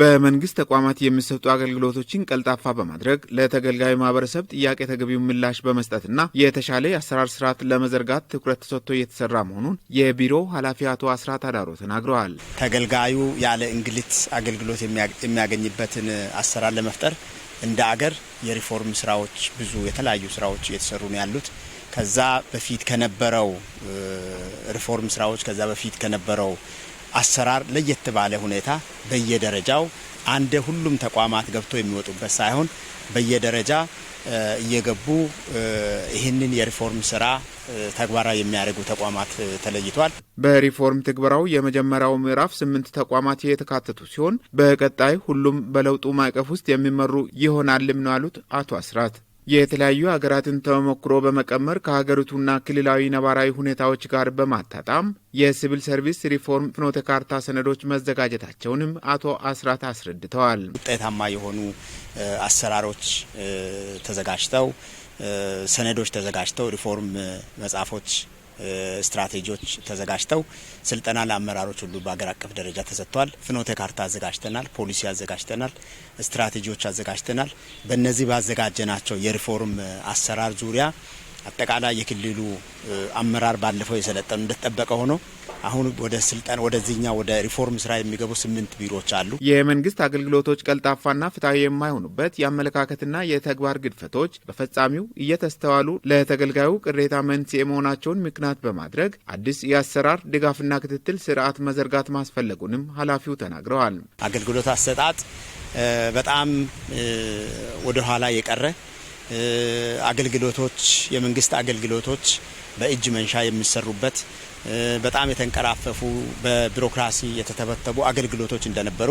በመንግስት ተቋማት የሚሰጡ አገልግሎቶችን ቀልጣፋ በማድረግ ለተገልጋዩ ማህበረሰብ ጥያቄ ተገቢው ምላሽ በመስጠትና የተሻለ የአሰራር ስርዓት ለመዘርጋት ትኩረት ተሰጥቶ እየተሰራ መሆኑን የቢሮው ኃላፊ አቶ አስራት አዳሮ ተናግረዋል። ተገልጋዩ ያለ እንግልት አገልግሎት የሚያገኝበትን አሰራር ለመፍጠር እንደ አገር የሪፎርም ስራዎች ብዙ የተለያዩ ስራዎች እየተሰሩ ነው ያሉት። ከዛ በፊት ከነበረው ሪፎርም ስራዎች ከዛ በፊት ከነበረው አሰራር ለየት ባለ ሁኔታ በየደረጃው አንደ ሁሉም ተቋማት ገብቶ የሚወጡበት ሳይሆን በየደረጃ እየገቡ ይህንን የሪፎርም ስራ ተግባራዊ የሚያደርጉ ተቋማት ተለይቷል። በሪፎርም ትግበራው የመጀመሪያው ምዕራፍ ስምንት ተቋማት የተካተቱ ሲሆን በቀጣይ ሁሉም በለውጡ ማዕቀፍ ውስጥ የሚመሩ ይሆናልም ነው ያሉት አቶ አስራት። የተለያዩ ሀገራትን ተሞክሮ በመቀመር ከሀገሪቱና ክልላዊ ነባራዊ ሁኔታዎች ጋር በማጣጣም የሲቪል ሰርቪስ ሪፎርም ፍኖተ ካርታ ሰነዶች መዘጋጀታቸውንም አቶ አስራት አስረድተዋል። ውጤታማ የሆኑ አሰራሮች ተዘጋጅተው ሰነዶች ተዘጋጅተው ሪፎርም መጽሐፎች ስትራቴጂዎች ተዘጋጅተው ስልጠና ለአመራሮች ሁሉ በሀገር አቀፍ ደረጃ ተሰጥቷል። ፍኖተ ካርታ አዘጋጅተናል፣ ፖሊሲ አዘጋጅተናል፣ ስትራቴጂዎች አዘጋጅተናል። በእነዚህ ባዘጋጀናቸው የሪፎርም አሰራር ዙሪያ አጠቃላይ የክልሉ አመራር ባለፈው የሰለጠኑ እንደተጠበቀ ሆኖ አሁን ወደ ስልጠና ወደዚህኛ ወደ ሪፎርም ስራ የሚገቡ ስምንት ቢሮዎች አሉ። የመንግስት አገልግሎቶች ቀልጣፋና ፍትሐዊ የማይሆኑበት የአመለካከትና የተግባር ግድፈቶች በፈጻሚው እየተስተዋሉ ለተገልጋዩ ቅሬታ መንስኤ መሆናቸውን ምክንያት በማድረግ አዲስ የአሰራር ድጋፍና ክትትል ስርዓት መዘርጋት ማስፈለጉንም ኃላፊው ተናግረዋል። አገልግሎት አሰጣጥ በጣም ወደኋላ የቀረ አገልግሎቶች የመንግስት አገልግሎቶች በእጅ መንሻ የሚሰሩበት በጣም የተንቀራፈፉ በቢሮክራሲ የተተበተቡ አገልግሎቶች እንደነበሩ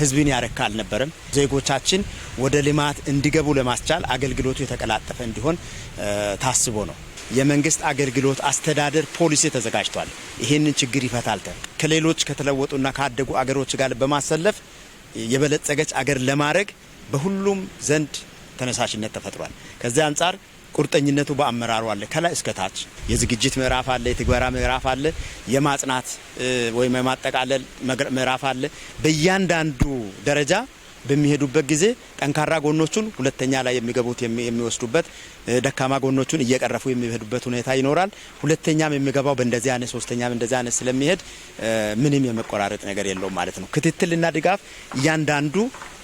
ህዝብን ያረካ አልነበረም። ዜጎቻችን ወደ ልማት እንዲገቡ ለማስቻል አገልግሎቱ የተቀላጠፈ እንዲሆን ታስቦ ነው። የመንግስት አገልግሎት አስተዳደር ፖሊሲ ተዘጋጅቷል። ይህንን ችግር ይፈታል። ከሌሎች ከተለወጡና ካደጉ አገሮች ጋር በማሰለፍ የበለጸገች አገር ለማድረግ በሁሉም ዘንድ ተነሳሽነት ተፈጥሯል። ከዚህ አንጻር ቁርጠኝነቱ በአመራሩ አለ። ከላይ እስከ ታች የዝግጅት ምዕራፍ አለ፣ የትግበራ ምዕራፍ አለ፣ የማጽናት ወይም የማጠቃለል ምዕራፍ አለ። በእያንዳንዱ ደረጃ በሚሄዱበት ጊዜ ጠንካራ ጎኖቹን ሁለተኛ ላይ የሚገቡት የሚወስዱበት፣ ደካማ ጎኖቹን እየቀረፉ የሚሄዱበት ሁኔታ ይኖራል። ሁለተኛም የሚገባው በእንደዚህ አይነት፣ ሶስተኛም እንደዚህ አይነት ስለሚሄድ ምንም የመቆራረጥ ነገር የለውም ማለት ነው። ክትትልና ድጋፍ እያንዳንዱ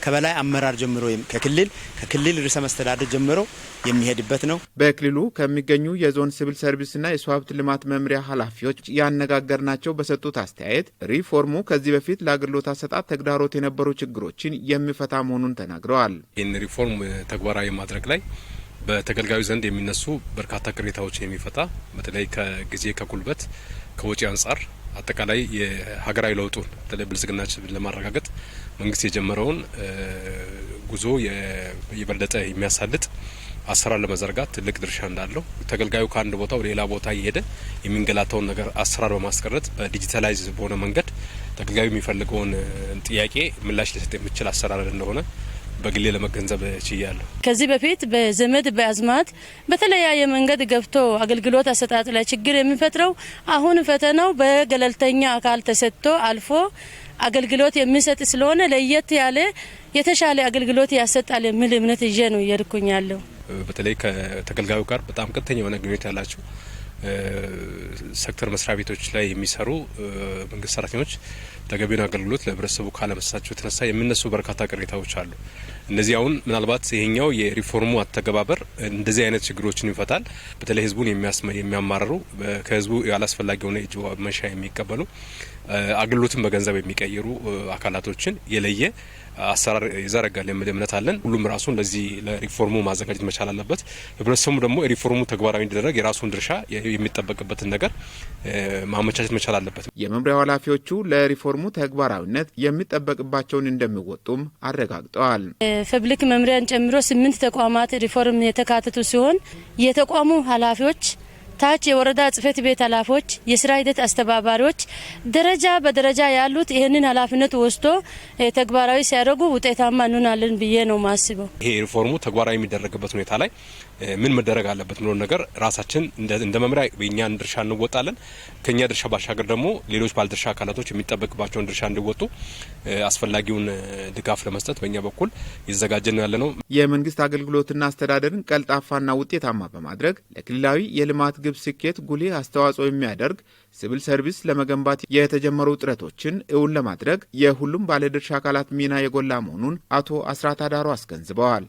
ከበላይ አመራር ጀምሮ ከክልል ከክልል ርዕሰ መስተዳድር ጀምሮ የሚሄድበት ነው። በክልሉ ከሚገኙ የዞን ሲቪል ሰርቪስና የሰው ሀብት ልማት መምሪያ ኃላፊዎች ያነጋገርናቸው በሰጡት አስተያየት ሪፎርሙ ከዚህ በፊት ለአገልግሎት አሰጣት ተግዳሮት የነበሩ ችግሮችን የሚፈታ መሆኑን ተናግረዋል። ይህን ሪፎርም ተግባራዊ ማድረግ ላይ በተገልጋዩ ዘንድ የሚነሱ በርካታ ቅሬታዎች የሚፈታ በተለይ ከጊዜ ከጉልበት ከወጪ አንጻር አጠቃላይ የሀገራዊ ለውጡን በተለይ ብልጽግናችንን ለማረጋገጥ መንግስት የጀመረውን ጉዞ የበለጠ የሚያሳልጥ አሰራር ለመዘርጋት ትልቅ ድርሻ እንዳለው ተገልጋዩ ከአንድ ቦታ ወደ ሌላ ቦታ እየሄደ የሚንገላታውን ነገር አሰራር በማስቀረት በዲጂታላይዝ በሆነ መንገድ ተገልጋዩ የሚፈልገውን ጥያቄ ምላሽ ሊሰጥ የሚችል አሰራር እንደሆነ በግሌ ለመገንዘብ ችያለሁ። ከዚህ በፊት በዘመድ በአዝማት በተለያየ መንገድ ገብቶ አገልግሎት አሰጣጥ ላይ ችግር የሚፈጥረው አሁን ፈተናው በገለልተኛ አካል ተሰጥቶ አልፎ አገልግሎት የሚሰጥ ስለሆነ ለየት ያለ የተሻለ አገልግሎት ያሰጣል የሚል እምነት ይዤ ነው እየሄድኩኝ ያለው። በተለይ ከተገልጋዩ ጋር በጣም ቀጥተኛ የሆነ ግንኙነት ያላቸው ሴክተር መስሪያ ቤቶች ላይ የሚሰሩ መንግስት ሰራተኞች ተገቢውን አገልግሎት ለህብረተሰቡ ካለመስጠታቸው የተነሳ የሚነሱ በርካታ ቅሬታዎች አሉ። እነዚህ አሁን ምናልባት ይሄኛው የሪፎርሙ አተገባበር እንደዚህ አይነት ችግሮችን ይፈታል። በተለይ ህዝቡን የሚያማርሩ ከህዝቡ ያላስፈላጊ የሆነ እጅ መንሻ የሚቀበሉ አገልግሎትን በገንዘብ የሚቀይሩ አካላቶችን የለየ አሰራር ይዘረጋል የሚል እምነት አለን። ሁሉም ራሱን ለዚህ ለሪፎርሙ ማዘጋጀት መቻል አለበት። ህብረተሰቡ ደግሞ የሪፎርሙ ተግባራዊ እንዲደረግ የራሱን ድርሻ የሚጠበቅበትን ነገር ማመቻቸት መቻል አለበት። የመምሪያው ኃላፊዎቹ ለሪፎርሙ ተግባራዊነት የሚጠበቅባቸውን እንደሚወጡም አረጋግጠዋል። ፐብሊክ መምሪያን ጨምሮ ስምንት ተቋማት ሪፎርም የተካተቱ ሲሆን የተቋሙ ኃላፊዎች ታች የወረዳ ጽህፈት ቤት ኃላፊዎች፣ የስራ ሂደት አስተባባሪዎች ደረጃ በደረጃ ያሉት ይህንን ኃላፊነት ወስዶ ተግባራዊ ሲያደርጉ ውጤታማ እንሆናለን ብዬ ነው ማስበው። ይሄ ሪፎርሙ ተግባራዊ የሚደረግበት ሁኔታ ላይ ምን መደረግ አለበት ብሎ ነገር ራሳችን እንደ መምሪያ የእኛን ድርሻ እንወጣለን። ከኛ ድርሻ ባሻገር ደግሞ ሌሎች ባለድርሻ አካላቶች የሚጠበቅባቸውን ድርሻ እንዲወጡ አስፈላጊውን ድጋፍ ለመስጠት በእኛ በኩል ነው ያለ ነው። የመንግስት አገልግሎትና አስተዳደርን ቀልጣፋና ውጤታማ በማድረግ ለክልላዊ የልማት ግብ ስኬት ጉልህ አስተዋጽኦ የሚያደርግ ሲቪል ሰርቪስ ለመገንባት የተጀመሩ ጥረቶችን እውን ለማድረግ የሁሉም ባለድርሻ አካላት ሚና የጎላ መሆኑን አቶ አስራት አዳሮ አስገንዝበዋል።